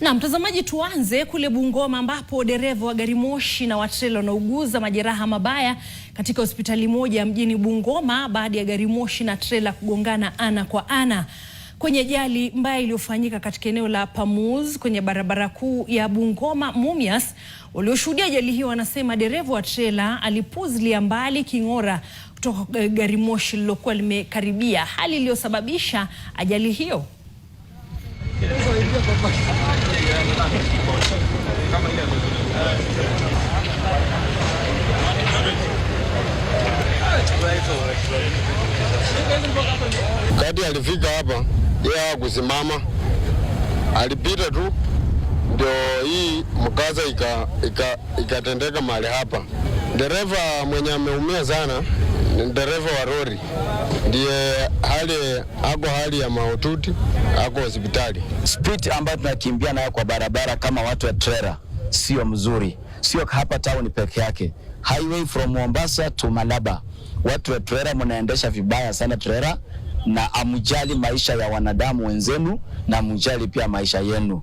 Na mtazamaji, tuanze kule Bungoma ambapo dereva wa gari moshi na watrela wanauguza majeraha mabaya katika hospitali moja mjini Bungoma baada ya gari moshi na trela kugongana ana kwa ana kwenye ajali mbaya iliyofanyika katika eneo la Pamuz kwenye barabara kuu ya Bungoma Mumias. Walioshuhudia ajali hiyo wanasema dereva wa trela alipuzilia mbali king'ora kutoka gari moshi lilokuwa limekaribia, hali iliyosababisha ajali hiyo. Kati alifika hapa yeye hakusimama, alipita tu, ndio hii mkaza ikatendeka ika, ika mahali hapa. Dereva mwenye ameumia sana ni dereva wa lori, ndiye hali ako hali ya mahututi, ako hospitali. Spiti ambayo tunakimbia nayo kwa barabara kama watu wa trela sio mzuri, sio hapa town peke yake. Highway from Mombasa to Malaba, watu wa trailer mnaendesha vibaya sana trailer, na amjali maisha ya wanadamu wenzenu na amjali pia maisha yenu.